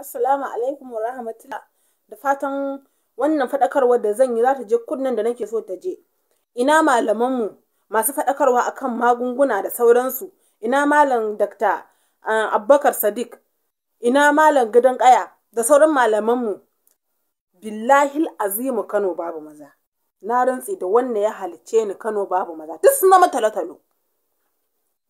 Assalamu alaikum wa rahmatullah. Da fatan wannan faɗakarwar da zan yi za ta je kunnen da nake so ta je. Ina malamanmu masu faɗakarwa akan magunguna da sauransu. Ina malam Dr. Abubakar Sadiq. Ina malam gidan Kaya da sauran malamanmu. Billahil azimu Kano babu maza. Na rantsi da wannan ya halicce ni Kano babu maza. Duk na talotalo.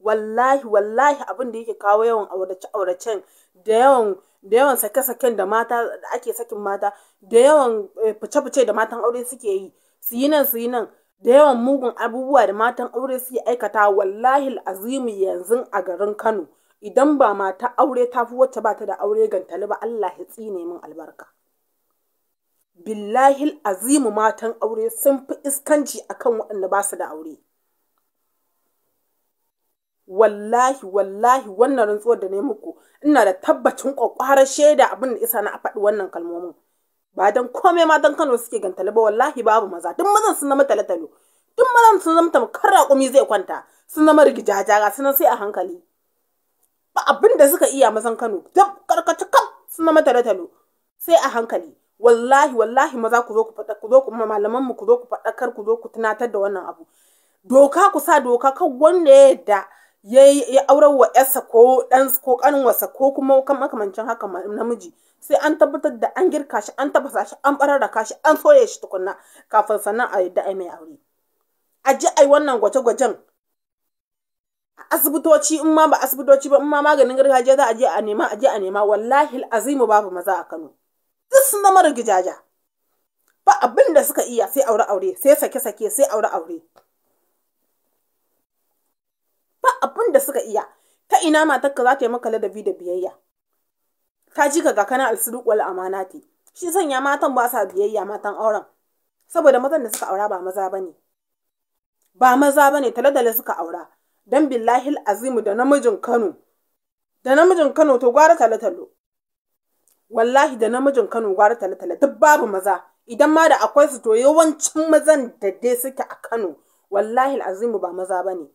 wallahi wallahi abin da yake kawo yawan aurace auracen da yawan da yawan sake saken da mata da ake sakin mata da yawan eh, fice fice da matan aure suke yi su yi nan su yi nan da yawan mugun abubuwa da matan aure suke aikata wallahi azimi yanzu a garin Kano idan ba mata aure ta fi wacce ba ta da aure gantali ba Allah ya tsine min albarka billahi azimu matan aure sun fi iskanci akan waɗanda ba su da aure wallahi wallahi wannan rantsuwar da muku ina da tabbacin kwakwarar shaida abin da isa na faɗi wannan kalmomin ba dan komai ma dan Kano suke ganta ba wallahi babu maza duk mazan sun zama talatalo duk mazan sun zama tamkar raƙumi zai kwanta sun zama rigijajaga sun sai a hankali ba abin da suka iya mazan Kano dab karkaci kam sun zama talatalo sai a hankali wallahi wallahi maza ku zo ku faɗa ku zo ku malaman mu ku zo ku faɗakar ku zo ku tunatar da wannan abu doka ku sa doka kan wanda ya yadda ya ya aurar wa yarsa ko ɗan ko kanwarsa ko kuma makamancin haka namiji sai an tabbatar da an girka shi an tafasa shi an bararraka shi an soya shi tukunna kafin sannan a yadda ai mai aure a ji ai wannan gwaje-gwajen a asibitoci in ma ba asibitoci ba in ma maganin gargajiya za a je a nema a je a nema wallahi azimu babu maza a Kano duk sun zama rigijaja ba abin suka iya sai aure aure sai sake sake sai aure aure abin da suka iya ta ina matarka za ta yi maka ladabi da biyayya Ta ji ka ga kana alsuduk wal amanati shi sanya matan ba sa biyayya matan auren saboda mazan da suka aura ba maza ba ne. ba maza ba ne taladala suka aura dan billahi azimu da namijin Kano da namijin Kano to gwara talatalo wallahi da namijin Kano gwara talatalo duk babu maza idan ma da akwai su to yawancin mazan da dai suke a Kano wallahi azimu ba maza bane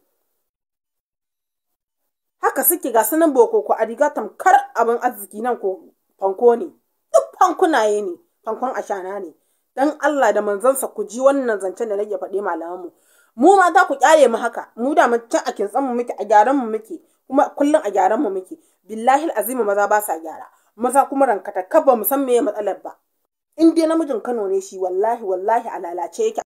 haka suke ga sunan boko a riga tamkar abin arziki nan ko fanko ne duk fankunaye ne fankon ashana ne dan Allah da manzansa ku ji wannan zancen da nake faɗe malaman mu ma za ku kyale mu haka mu da mu can a kintsan mu muke a gyaran mu muke kuma kullum a gyaran mu muke billahi azimi maza ba sa gyara maza kuma rankata kabba mu san meye matsalar ba in dai namijin Kano ne shi wallahi wallahi a lalace yake